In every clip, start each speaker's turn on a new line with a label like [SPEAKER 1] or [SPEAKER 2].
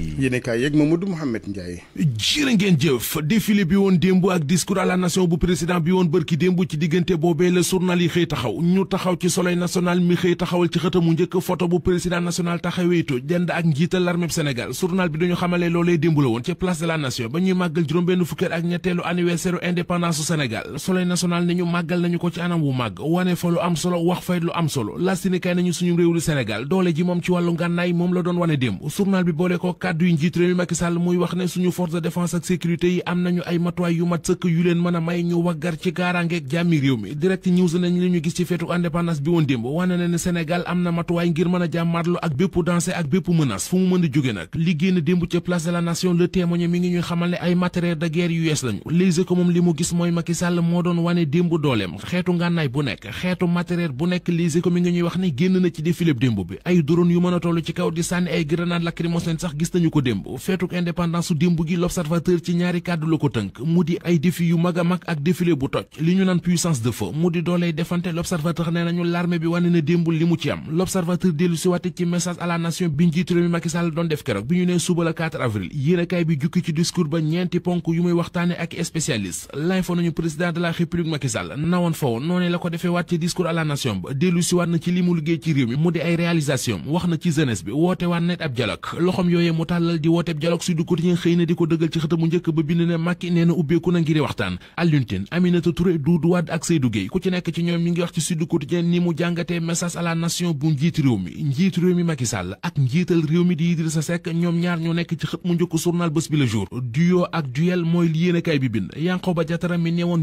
[SPEAKER 1] yéen kaay yeeg Mamadou Mouhamed Ndiaye.
[SPEAKER 2] jërë ngeen jëf défilé bi woon démb ak discours à la nation bu président bi woon bërki démb ci diggante boobee la journal yi xëy taxaw ñu taxaw ci soleil national mi xëy taxawal ci xëtamu njëkk photo bu président national taxaweetu dend ak njiital l'armée bu Sénégal journal bi dañu xamalee loolee démb la woon ci place de la nation ba ñuy màggal juróom-benn fukki at ak ñetteelu anniversaire indépendance su Sénégal ko ci anam wu màgg wane fa lu am solo wax lu am solo laas yéene kaay nañu suñu réew doole ji moom ci wàllu ngànnaay moom la doon wane démb journal bi boole ko kàddu yu njiit réew mi Macky Sall muy wax ne suñu force de défense ak sécurité yi am nañu ay matuwaay yu mat sëkk yu leen mën a may ñu waggar ci kaaraangeeg jàmmi réew mi direct news nañ li gis ci feetu indépendance bi woon démb wane na ne Sénégal am na matuwaay ngir mën a jàmmaarlu ak bépp danger ak bépp menace fu mu mën jóge nag liggéey na démb ca place de la nation le témoigne mi ngi ñuy xamal ne ay matériel de guerre yu yees lañu Les Échos moom li mu gis mooy Macky Sall moo doon wane démb dooleem xeetu ngànnaay bu xeetu matériel bu nekk Les Échos wax ne génn na ci défilé démb bi a toll nañu ko démb feetuk indépendance su démb gi l'observateur ci ñaari kàddu la ko tënk mu di ay défi yu mag mag ak défilé bu toj li ñu naan puissance de feu mu di dooley defante l'observateur nee nañu l'armée bi wane na démb li mu ci am l'observateur dellu si waate ci message à nation bi njiitu mi Macky doon def keroog bi ñu nee suba la avril yéenekaay bi jukki ci discours ba ñeenti ponk yu muy waxtaane ak spécialiste l'info nañu président de mu tàllal di wooteb dialogue Sud Quotidien xëy na di ko dëggal ci xët mu njëkk ba bind ne Macky nee na ubbeeku na ngiri waxtaan Alioune Aminata Touré Doudou Wade ak Seydou Guèye ku ci nekk ci ñoom ñi ngi wax ci Sud Quotidien ni mu jàngatee message à la nation bu njiit réew mi njiit réew mi Macky Sall ak njiital réew mi di Idrissa Seck ñoom ñaar ñoo nekk ci xët mu njëkk journal Bës Bi Le Jour duo ak duel mooy li bi bind Yankhoba Diattara mi newoon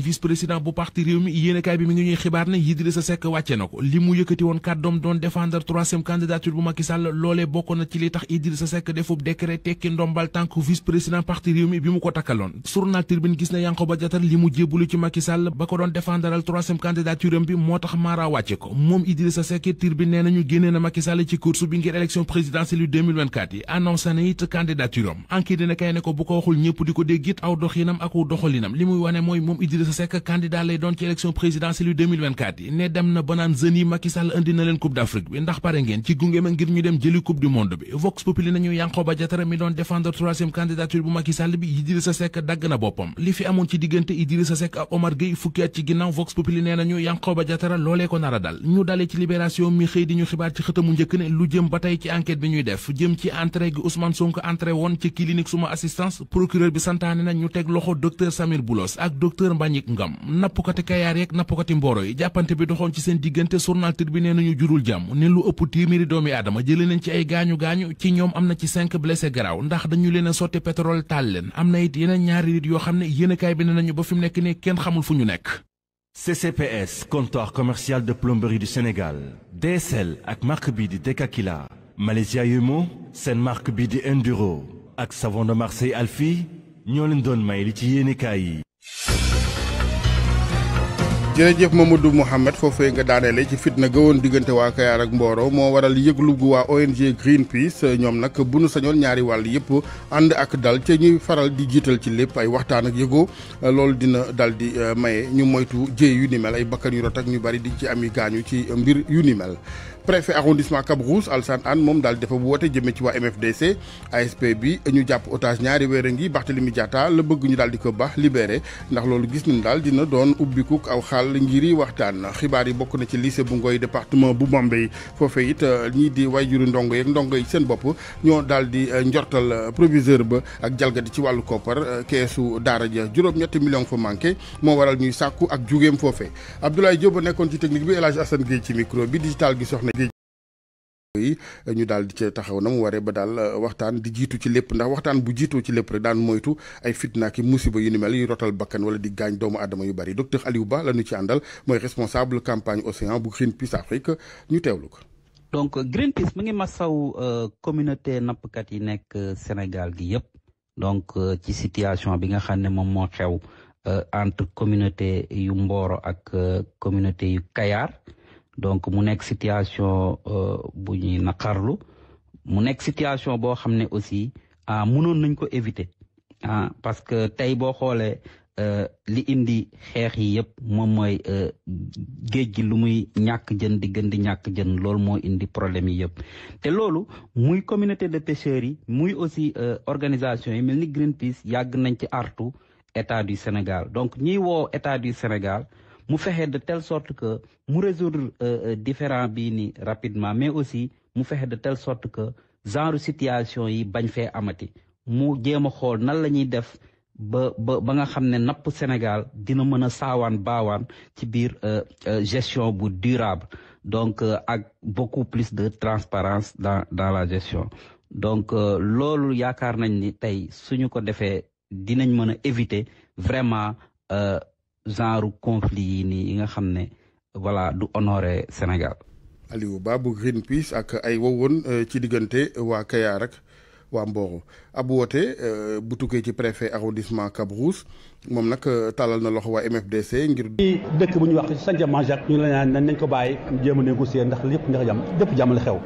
[SPEAKER 2] décret tekki ndombal tànku vice président parti réew bi mu ko takkaloon journal Tribune gis na Yankoba li mu jébbalu ci Macky ba ko doon défendaral troisième candidature bi moo tax Mara wàcce ko moom Idrissa Seck Tribune nee nañu génnee na Macky ci course bi ngir élection présidentielle yu 2024 yi annoncé na it dina kay ne ko bu ko waxul ñëpp di ko dégg aw doxinam ak doxalinam li muy wane mooy moom Idrissa Seck candidat lay doon Diatara mi doon défendre troisième candidature bu Macky Sall bi Idrissa Seck li fi amoon ci diggante Omar Gueye fukki at ci ginnaaw Vox Populi nee nañu Yankhoba Diatara loolee ko nar a dal ñu dalee ci libération mi xëy di ñu xibaar ci xëtamu njëkk ne lu jëm ba tey ci enquête bi ñuy def jëm ci entrée gi Ousmane Sonko entrée woon ci clinique suma assistance procureur bi santaane na ñu teg loxo docteur Samir Boulos ak docteur Mbagnick Ngom nappkati Kayaar yeeg nappkati Mboro yi jàppante bi doxoon ci seen diggante journal bi nee nañu jurul jàmm ne lu ëpp téeméeri doomi aadama jëlee nañ ci ay gaañu gaañu ci ñoom am na ci cinq blessé garaaw ndax dañu leen a sotti pétrole taal leen am na it yeneen ñaari nit yoo xam ne yéenekaay bi ne nañu ba fi mu nekk nii kenn xamul fu ñu nekk
[SPEAKER 3] CCPS comptoir commercial de plomberie du Sénégal DSL ak marque bi di Dekakila Malaysia Yumo seen marque bi di Enduro ak savon de Marseille Alfi ñoo leen doon may li ci yéenekaay yi
[SPEAKER 1] jërëjëf Mamadou Mouhamed foofee nga daaneele ci fitna gawoon diggante waa Kayaar ak Mboro moo waral yëglu gu waa ONG Greenpeace ñoom nag bu nu sañoon ñaari wàll yëpp ànd ak dal ca ñuy faral di jiital ci lépp ay waxtaan ak yëgoo loolu dina dal di eh, maye ñu moytu jéey yu ni mel ay bakkan yu rot ak ñu bari di ci am yi gaañu ci mbir yu ni mel préfet arrondissement Cap Rouge Alassane Anne moom daal dafa woote jëmee ci waa MFDC ASP bi ñu jàpp otage ñaari weer a ngi Barthélemy Diatta la bëgg ñu daal di ko baax libéré ndax loolu gis nañ daal dina doon ubbikuk aw xaal ngiri waxtaan xibaar yi bokk na ci lycée bu Ngoy département bu Bambey foofe it euh, ñii di waajuru ndongo yeeg ndongo yi seen bopp ñoo daal di euh, njortal euh, proviseur ba ak jalgati ci wàllu koppar keesu daara ja juróom-ñetti million fa manqué moo waral ñuy sàkku ak jugéem foofe Abdoulaye Diop nekkoon ci technique bi El Hadj Assane yi ñu daal di ca taxaw na mu waree ba daal euh, waxtaan di jiitu ci lépp ndax waxtaan bu jiitoo ci lépp rek daan moytu ay fitna ki musiba yu ni mel yu rotal bakkan wala di gaañ doomu aadama yu bari docteur Aliou Ba la ñu ci àndal mooy responsable campagne Océan bu Greenpeace Afrique ñu
[SPEAKER 4] teewlu ko. donc Greenpeace mu ngi masaw euh, communauté nappkat yi nekk euh, Sénégal gi yëpp donc ci situation bi nga xam ne moom moo xew entre communauté yu Mboro ak communauté yu Kayar. donc mu nekk situation euh, bu ñuy naqarlu mu nekk situation boo xam ne aussi ah mënoon nañ ko éviter ah parce que tey boo xoolee euh, li indi xeex yi yëpp moom mooy euh, géej gi lu muy ñàkk jën di gën di ñàkk jën loolu moo indi problème yi yëpp te loolu muy communauté de pêcheurs yi muy aussi organisation yi mel ni Greenpeace yàgg nañ ci artu état du Sénégal donc ñiy woo état du Sénégal mu fexe de telle sorte que mu résoudre euh, euh, différent bii ni rapidement mais aussi mu fexe de tell sorte que genre situation yi bañ fee amati mu jéem a xool nan la ñuy def ba ba ba nga xam ne napp Sénégal dina mën a saawaan baawaan ci biir euh, gestion bu durable donc ak beaucoup plus de transparence dans dans la gestion donc loolu yaakaar nañ ni tey suñu ko defee dinañ mën a éviter vraiment genre conflit yi nii yi nga xam ne voilà du honoré Sénégal. Aliou
[SPEAKER 1] Ba bu Greenpeace ak ay wowoon euh, ci diggante waa Kayar rek waa Mboro ab woote euh, bu tukkee ci préfet arrondissement Kabrousse moom nag euh, tàllal na loxo waa
[SPEAKER 5] MFDC ngir. ci dëkk bu ñu wax Sandiara Manjak ñu la naan nañ ko bàyyi jéem a négocier ndax yëpp ndax jàmm lépp jàmm la xew.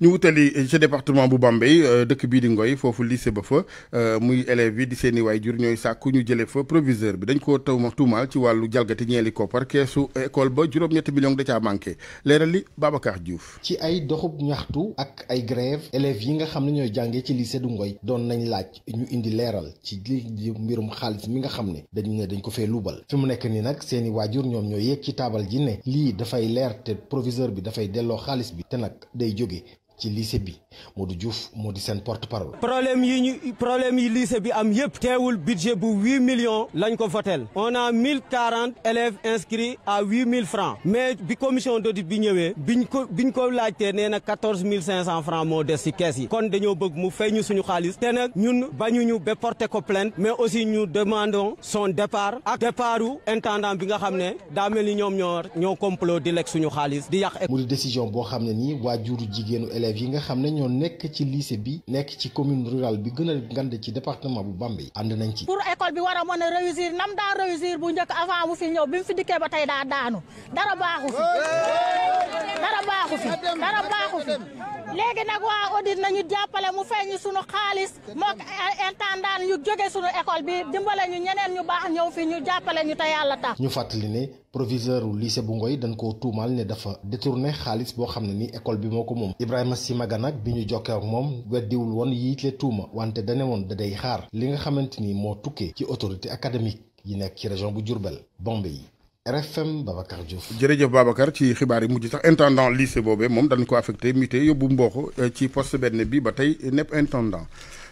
[SPEAKER 1] ñu wutali ci département bu Bambey euh, dëkk bii di Ngoy foofu lycée ba fa euh, muy élèves yi di seeni waajur ñooy sàkku ñu jële fa proviseur bi dañ ko tawma ci wàllu jalgati ñeeli koppar keesu école ba juróom-ñetti million da caa manqué leeral Babacar
[SPEAKER 3] Diouf. ci ay doxub ñaxtu ak ay grève élèves yi nga xam ne ñooy jàngee ci lycée du Ngoy doon nañ laaj ñu indi leeral ci li mbirum xaalis mi nga xam ne dañu dañ ko fee luubal fi mu nekk ni nag seeni waajur ñoom ñoo yéeg ci taabal ji ne lii dafay leer te proviseur bi dafay delloo xaalis bi te nag day jóge ci lycée bi Modou Diouf moo di seen porte parole.
[SPEAKER 5] problème yi ñu problème yi lycée bi am yëpp. teewul budget bu huit millions lañ ko votel on mille quarante élèves inscrits à huit mille francs mais bi commission d'audit bi ñëwee biñ ko biñ ko laajtee nee na quatorze mille cinq cent francs moo des ci kees yi. kon dañoo bëgg mu fay ñu suñu xaalis te nag ñun bañuñu ba porter ko plainte mais aussi ñu demandons son départ ak départu intendant bi nga xam ne daa ni ñoom ñoo ñoo complot di lekk suñu xaalis di yàq. mu décision boo
[SPEAKER 3] xam ne nii élèves yi nga xam ne ñoo nekk ci lycée bi nekk ci commune rural bi gën a ngand ci département bu Bambey ànd nañ ci.
[SPEAKER 1] pour école bi war a mën a réussir nam daa réussir bu njëkk avant mu fi ñëw bi mu fi dikkee ba tey daa daanu dara baaxu fi. dara baaxu fi dara baaxu fi léegi nag waa audit nañu jàppale mu fay ñu sunu xaalis mook intendant yu jóge sunu école bi dimbale ñu ñeneen ñu baax ñëw fi ñu jàppale ñu te yàlla
[SPEAKER 3] tax ñu fàttali ne proviseur u bu Ngoy dañ koo tuumaal ne dafa détourné xaalis boo xam ne ni école bi moo ko moom Ibrahima Simaga nag bi ñu jokkee moom weddiwul woon yiitle tuuma wante dane woon da day xaar li nga xamante ni moo tukkee ci autorité académique yi nekk ci région bu Diourbel Bambey yi RFM Babacar Diouf.
[SPEAKER 1] jërëjëf Babacar ci xibaar yi mujj sax intendant lycée boobe moom dañ ko affecté muté yóbbu mbooxu euh, ci poste benn bi ba tey nepp intendant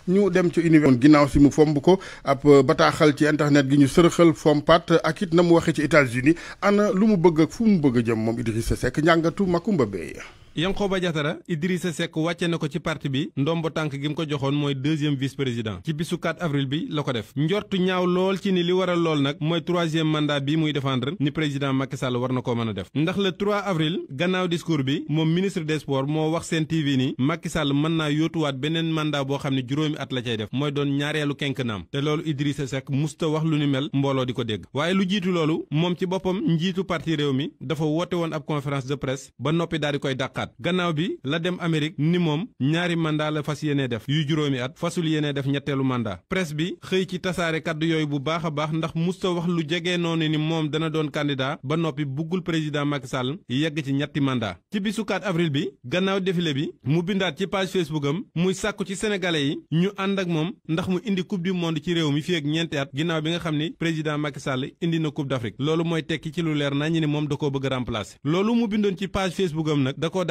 [SPEAKER 1] ñu dem ci université ginnaaw si mu fomb ko ab euh, bataaxal ci internet gi ñu sërëxal fompat ak it na mu waxee ci États-Unis ana lu mu bëgg fu mu bëgg a jëm moom Idrissa Seck njàngatu Makumba Beye
[SPEAKER 6] ba Yankhoba Diattara Idrissa Seck wàcce na ko ci parti bi ndombo tànk gi mu ko joxoon mooy deuxième vice président ci bisu 4 avril bi la ko def njortu ñaaw lool ci ni li waral lool nag mooy troisième mandat bi muy défendre ni président Macky Sall war na koo mën a def ndax le 3 avril gannaaw discours bi moom ministre des sports moo wax seen TV ni Macky Sall mën naa yootuwaat beneen mandat boo xam ne juróomi at la cay def mooy doon ñaareelu naam te loolu Idrissa Seck musta wax lu ni mel mbooloo ko dégg waaye lu jiitu loolu moom ci boppam njiitu parti réew mi dafa woote woon ab conférence de presse ba noppi daal di koy dàqaat at gannaaw bi la dem Amérique ni moom ñaari mandat la fas yéene def yu juróomi at fasul yéene def ñetteelu mandat presse bi xëy ci tasaare kàddu yooyu bu baax a baax ndax mu musta wax lu jege noonu ni moom dana doon candidat ba noppi buggul président Macky Sall yegg ci ñetti mandat ci bisu 4 avril bi gannaaw défilé bi mu bindaat ci page Facebook am muy sàkku ci sénégalais yi ñu ànd ak moom ndax mu indi coupe du monde ci réew mi fi ak ñeenti at ginnaaw bi nga xam ni président Macky Sall indi na coupe d'Afrique loolu mooy tekki ci lu leer nañu ni moom da koo bëgg a remplacer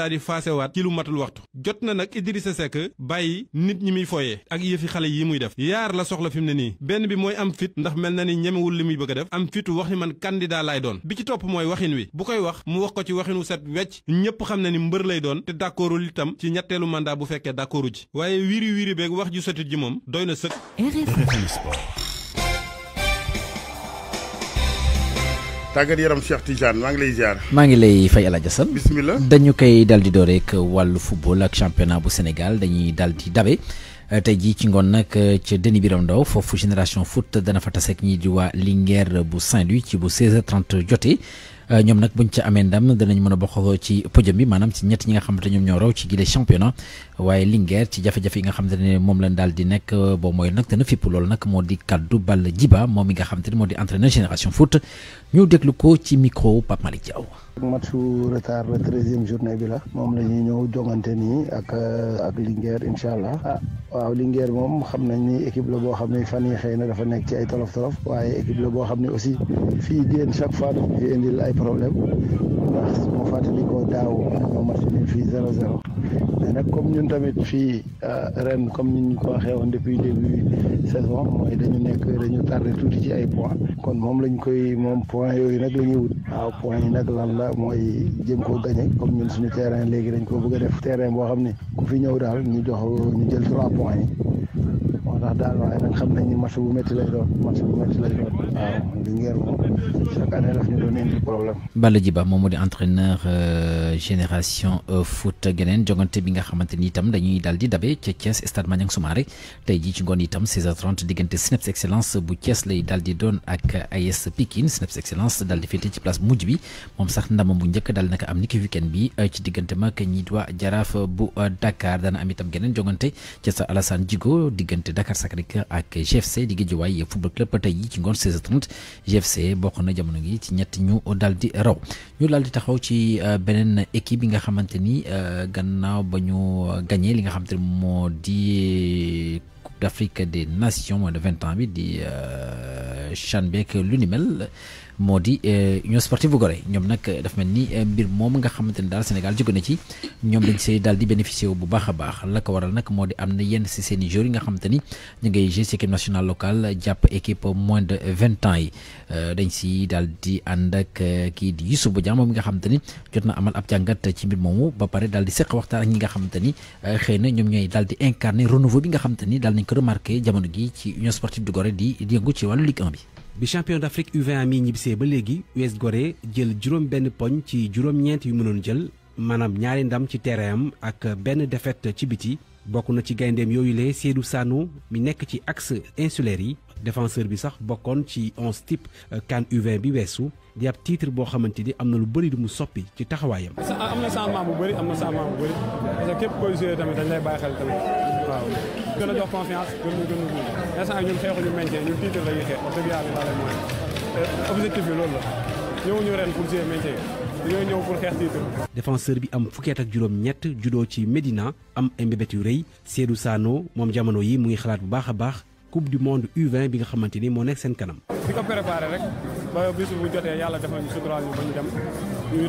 [SPEAKER 6] daal di faasewaat ci lu jot na nag Idrissa Seck bàyyi nit ñi muy foyee ak yëfi xale yi muy def yaar la soxla fi mu ne nii benn bi mooy am fit ndax mel na ni ñemewul li muy bëgg a def am fitu wax ni man candidat laay doon bi ci topp mooy waxin wi bu koy wax mu wax ko ci waxin wu set wecc ñëpp xam na ni mbër lay doon te d'accordul itam ci ñetteelu mandat bu fekkee d'accordu ci waaye wiiri wiiri beeg wax ju sotit ji moom
[SPEAKER 1] doy na sëkk tàggat yaram Cheikh Tidiane maa ngi lay ziar.
[SPEAKER 7] maa ngi lay fay El Hadj Assane. dañu koy dal di door rek wàllu football ak championnat bu Sénégal dañuy dal di dabe. Euh, te jii ci ngoon nag euh, ca Déni Biram Ndaw foofu génération foot dana fa tase ak ñii di waa li Linguère bu Saint-Louis ci bu 16h30 jotee. Euh, ñoom nag buñ ca amee ndam danañ mën a bokk ci podium bi maanaam ci ñett ñi nga xamante ñoom ñoo raw ci gile championnat waaye Linguère ci jafe-jafe yi nga xamante ne moom lañ daal di nekk euh, boo mooy nag dana fipp loolu nag moo di kaddu Balla Djiba moom mi nga xamante ne moo di entraîneur génération foot ñu déglu ko ci micro Pape Malick Diaw.
[SPEAKER 3] matchu retard la treizième journée bi la moom la ñuy ñëw jongante nii ak euh, ak Linguère incha allah. Ah, waaw Linguère moom xam nañ ni équipe la boo xam ne fan yi xëy na dafa nekk ci ay tolof tolof waaye équipe la boo xam ne aussi fii génn chaque fois dafa fi indil ay problème ndax su ma fàttali ko daaw ñoo match ni fii zéro zéro mais nag comme ñun tamit fii euh, ren comme ni ñu ko waxee woon depuis début saison mooy dañu nekk dañu tardé tuuti ci ay point kon moom lañ koy moom point yooyu nag la ñuy wut waaw point yi nag lan la mooy jëm koo gañe comme ñun suñu terrain léegi dañ ko bëgg a def terrain boo xam ne ku fi ñëw daal ñu jox ñu jël trois points yi tax daal waaye nag xam nañ ni match bu métti lay doon match bu métti lay doon waaw Linguère moom
[SPEAKER 7] chaque moo di entraîneur euh, génération euh, foot geneen jogante bi nga xamante ni itam dañuy daal di dabe ca Thiès stade Maniang Soumaré tey ji ci ngoon itam 16h30 diggante SNEPS excellence bu Thiès lay daal di doon ak AS Pikine SNEPS excellence daal di ci place mujj bi moom sax ndamam bu njëkk daal naka am niki weekend bi euh, ci diggante ma ñi di bu Dakar dana am itam geneen jogante ca sa Alassane diggante Dakar. Dakar Sacré-Cœur ak GFC di Guédiawaye football club tey yi ci ngoon 16h30 GFC bokk na jamono gi ci ñett ñu daal di raw ñu daal di taxaw ci euh, beneen équipe bi nga xamante ni euh, gannaaw ba ñu gagné li nga xamante ni moo di Coupe d'Afrique de Nations moins de vingt ans bi di CHAN euh, beeg lu moo di euh, union sportive bu Gorée ñoom nag euh, dafa mel ni euh, mbir moom nga xamante ne daal Sénégal jóge na ci ñoom dañ see daal di bénéficier wu bu baax a baax la waral nag moo di am na yenn si seen i yi nga xamante ni ñu ngay jouer si équipe nationale locale de vingt ans yi dañ si daal di ànd ak kii di Youssouf Bodian moom mi nga xamante ni jot na amal ab jàngat ci mbir moomu ba pare daal di seq waxtaan ak ñi nga xamante ni xëy na ñoom ñooy daal di incarner renouveau bi nga xamante ni daal nañ ko remarqué jamono gi ci union sportive du Gorée di yëngu ci wàllu Ligue bi
[SPEAKER 5] bi champion d'Afrique U21 mi ñibbisee ba léegi US Gorée jël juróom benn poñ ci juróom-ñeent yu mënoon jël maanaam ñaari ndam ci terrain am ak benn défaite ci biti bokk na ci gayndeem yooyu yooyule Seydou Sano mi nekk ci axe insulaire yi défenseur bi sax bokkoon ci onze type euh, CAN u bi weesu di ab titre boo xamante ni am na lu bëri lu mu soppi ci taxawaayam.
[SPEAKER 6] am na changement bu bëri am na changement bu bëri parce que képp koy joué tamit dañ lay bàyyi xel tamit gën a jox confiance gën ñu gën ñu gunge instant ñun xeexuñu maintien ñun titre la ñuy xeex wax dëgg yàlla daal mooy euh, objectif bi loolu la ñëwuñu ren pour jouer maintien dañoo ñëw pour xeex titre
[SPEAKER 5] défenseur bi am fukkeet ak juróom ñett judoo ci Médina am ay mbébét yu rëy Seydou Sano moom jamono yi mu ngi xalaat bu baax a baax coupe du monde u bi nga xamante ni moo nekk seen kanam
[SPEAKER 6] di ko préparé rek ba bis bu jotee yàlla defal ñu suturaal ñu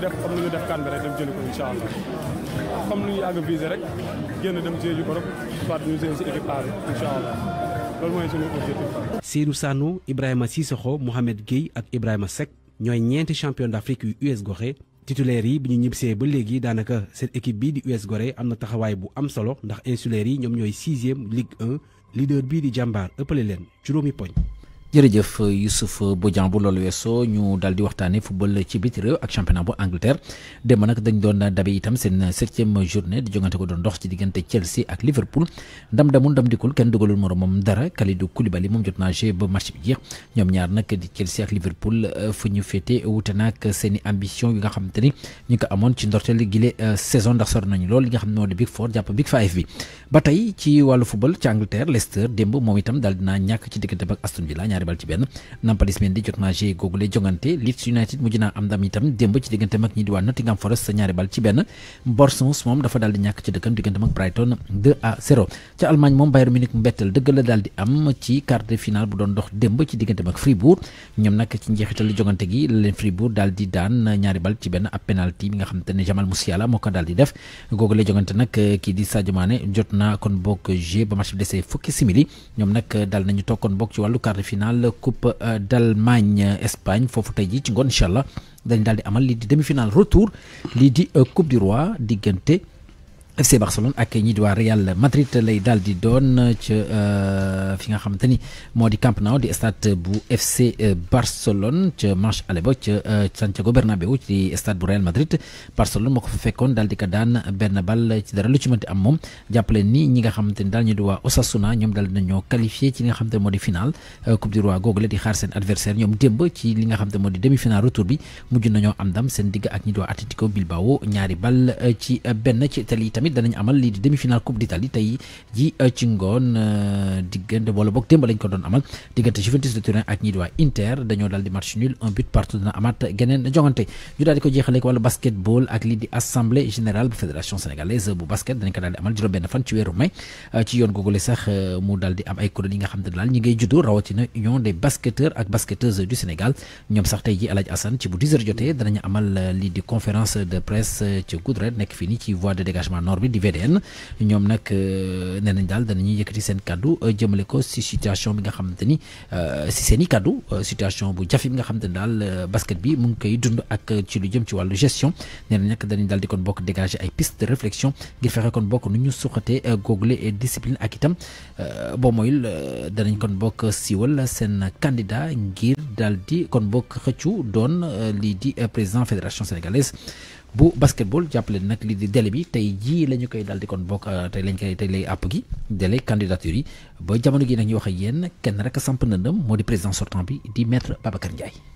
[SPEAKER 6] ko comme lu ñu yàgg visé rek génn dem siège yu Europe soit ñu siège si équipe A bi incha allah
[SPEAKER 5] loolu mooy suñu objectif. Seydou Sanou Ibrahima Cissokho Mohamed Gueye ak Ibrahima Seck ñooy ñeenti champion d'Afrique yu US Gorée titulaire yi bi ñu ñibbisee ba léegi daanaka seen équipe bii di US Gorée am na taxawaay bu am solo ndax insulaire yi ñoom ñooy sixième Ligue 1 leader bii di jàmbaar ëppale leen juróomi poñ.
[SPEAKER 7] jërëjëf Youssouf Bodian bu loolu weesoo ñu daal di waxtaanee football ci biti réew ak championnat bu Angleterre démb nag dañ doon dabe itam seen septième journée di jongante ko doon dox ci diggante Chelsea ak Liverpool ndam damul ndam dikul kenn dugalul moroomam dara Kalidou Koulibaly moom jot naa jeu ba match bi jeex ñoom ñaar nag di Chelsea ak Liverpool euh, fu ñu féete wute naag seen ambition yi nga xamante ni ñu ko amoon ci ndorteel gile euh, saison ndax sor lool li nga xam ne moo di Big Four jàpp Big Five bi ba tey ci wàllu football ci Angleterre ñaari bal ci benn Nampalys Mendy jot naa jee googule jongante Leeds United mujj naa am ndam itam démb ci diggante mag ñi di waa Nottingham Forest ñaari bal ci benn Bournemouth moom dafa daal di ñàkk ci dëkkam diggante mag Brighton 2 à 0 ca Allemagne moom Bayern Munich mbettel dëgg la daal di am ci quart de finale bu doon dox démb ci diggante mag Fribourg ñoom nag ci njeexitalu jongante gi la leen Fribourg daal di daan ñaari bal ci benn ab penalty bi finale coupe euh, d'Allemagne euh, Espagne foofu tey ji ci ngoon incha allah dañ daal di amal lii di demi-finale retour lii di euh, coupe du roi diggante. FC Barcelone ak ñi di waa Real Madrid lay daal di doon ca euh, fi nga xamante ni moo di Camp di stade bu FC euh, Barcelone ca match aller ba ca euh, Santiago Bernabéu ci stade bu Real Madrid Barcelone moo ko fa fekkoon daal di ko daan benn bal ci dara lu ci mënti am moom jàppale ni ñi nga xamante ni daal ñu di waa Osasuna ñoom daal dinañoo qualifié ci li nga xamante moo di final Coupe du Roi googule di xaar seen adversaire ñoom démb ci li nga xamante moo di demi tamit danañ amal lii di demi-finale Coupe d'Italie tey ji euh, ci ngoon euh, diggante wala boog démb lañ ko doon amal diggante Juventus de Turin ak ñi di waa Inter dañoo daal di match nul un but partout dana amaat geneen jongante ñu daal di ko jeexale wala basketball ak lii di assemblée générale bu fédération sénégalaise bu basket danañ ko daal di amal juróom-benn fan ci weeru mai euh, ci yoon googule sax mu daal di am ay kuréel nga xam ne daal ñi ngay juddu nord bi di VDN ñoom nag euh, nee nañ daal dana danañuy yëkkati seen kaddu euh, jëmale ko si situation bi nga xamante ni euh, si seen i kaddu situation bu jafe bi nga xamante ni daal basket bi mu ngi koy dund ak ci lu jëm ci wàllu gestion nee nañ nag danañ daal di kon bokk dégager ay piste de réflexion ngir fexe kon bokk nu ñu suqatee google et discipline ak itam boo mooyul danañ kon bokk siiwal seen candidat ngir daal di kon bokk xëccu doon lii di président fédération sénégalaise bu basketball jàppale nag li di délai bi tey jii la ñu koy daal di kon bokk euh, tey lañ koy tey lay àpp gi délai candidature yi ba jamono gi nag ñu wax ak yéen kenn rek samp na ndam moo di président sortant bi di maître Babacar Ndiaye.